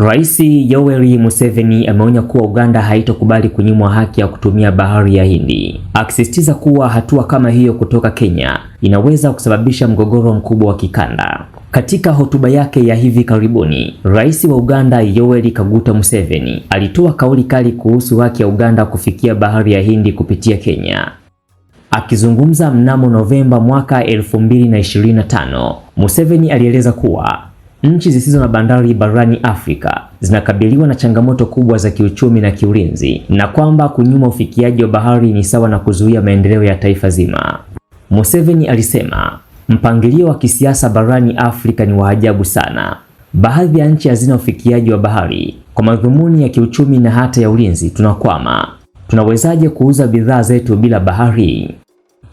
Rais Yoweri Museveni ameonya kuwa Uganda haitokubali kunyimwa haki ya kutumia bahari ya Hindi, akisisitiza kuwa hatua kama hiyo kutoka Kenya inaweza kusababisha mgogoro mkubwa wa kikanda. Katika hotuba yake ya hivi karibuni, Rais wa Uganda Yoweri Kaguta Museveni alitoa kauli kali kuhusu haki ya Uganda kufikia bahari ya Hindi kupitia Kenya. Akizungumza mnamo Novemba mwaka 2025, Museveni alieleza kuwa Nchi zisizo na bandari barani Afrika zinakabiliwa na changamoto kubwa za kiuchumi na kiulinzi, na kwamba kunyuma ufikiaji wa bahari ni sawa na kuzuia maendeleo ya taifa zima. Museveni alisema mpangilio wa kisiasa barani Afrika ni wa ajabu sana. Baadhi ya nchi hazina ufikiaji wa bahari kwa madhumuni ya kiuchumi na hata ya ulinzi. Tunakwama. Tunawezaje kuuza bidhaa zetu bila bahari?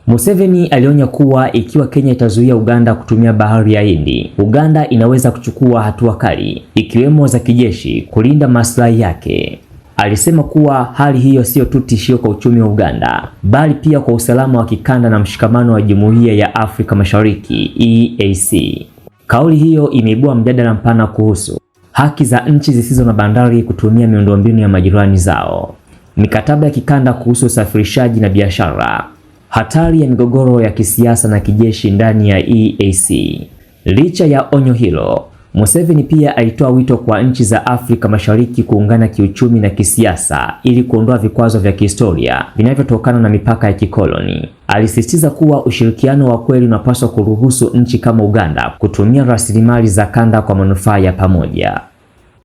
Museveni alionya kuwa ikiwa Kenya itazuia Uganda kutumia bahari ya Hindi, Uganda inaweza kuchukua hatua kali, ikiwemo za kijeshi, kulinda maslahi yake. Alisema kuwa hali hiyo siyo tu tishio kwa uchumi wa Uganda, bali pia kwa usalama wa kikanda na mshikamano wa Jumuiya ya Afrika Mashariki EAC. Kauli hiyo imeibua mjadala mpana kuhusu haki za nchi zisizo na bandari kutumia miundombinu ya majirani zao, mikataba ya kikanda kuhusu usafirishaji na biashara hatari ya migogoro ya kisiasa na kijeshi ndani ya EAC. Licha ya onyo hilo, Museveni pia alitoa wito kwa nchi za Afrika Mashariki kuungana kiuchumi na kisiasa ili kuondoa vikwazo vya kihistoria vinavyotokana na mipaka ya kikoloni. Alisisitiza kuwa ushirikiano wa kweli unapaswa kuruhusu nchi kama Uganda kutumia rasilimali za kanda kwa manufaa ya pamoja.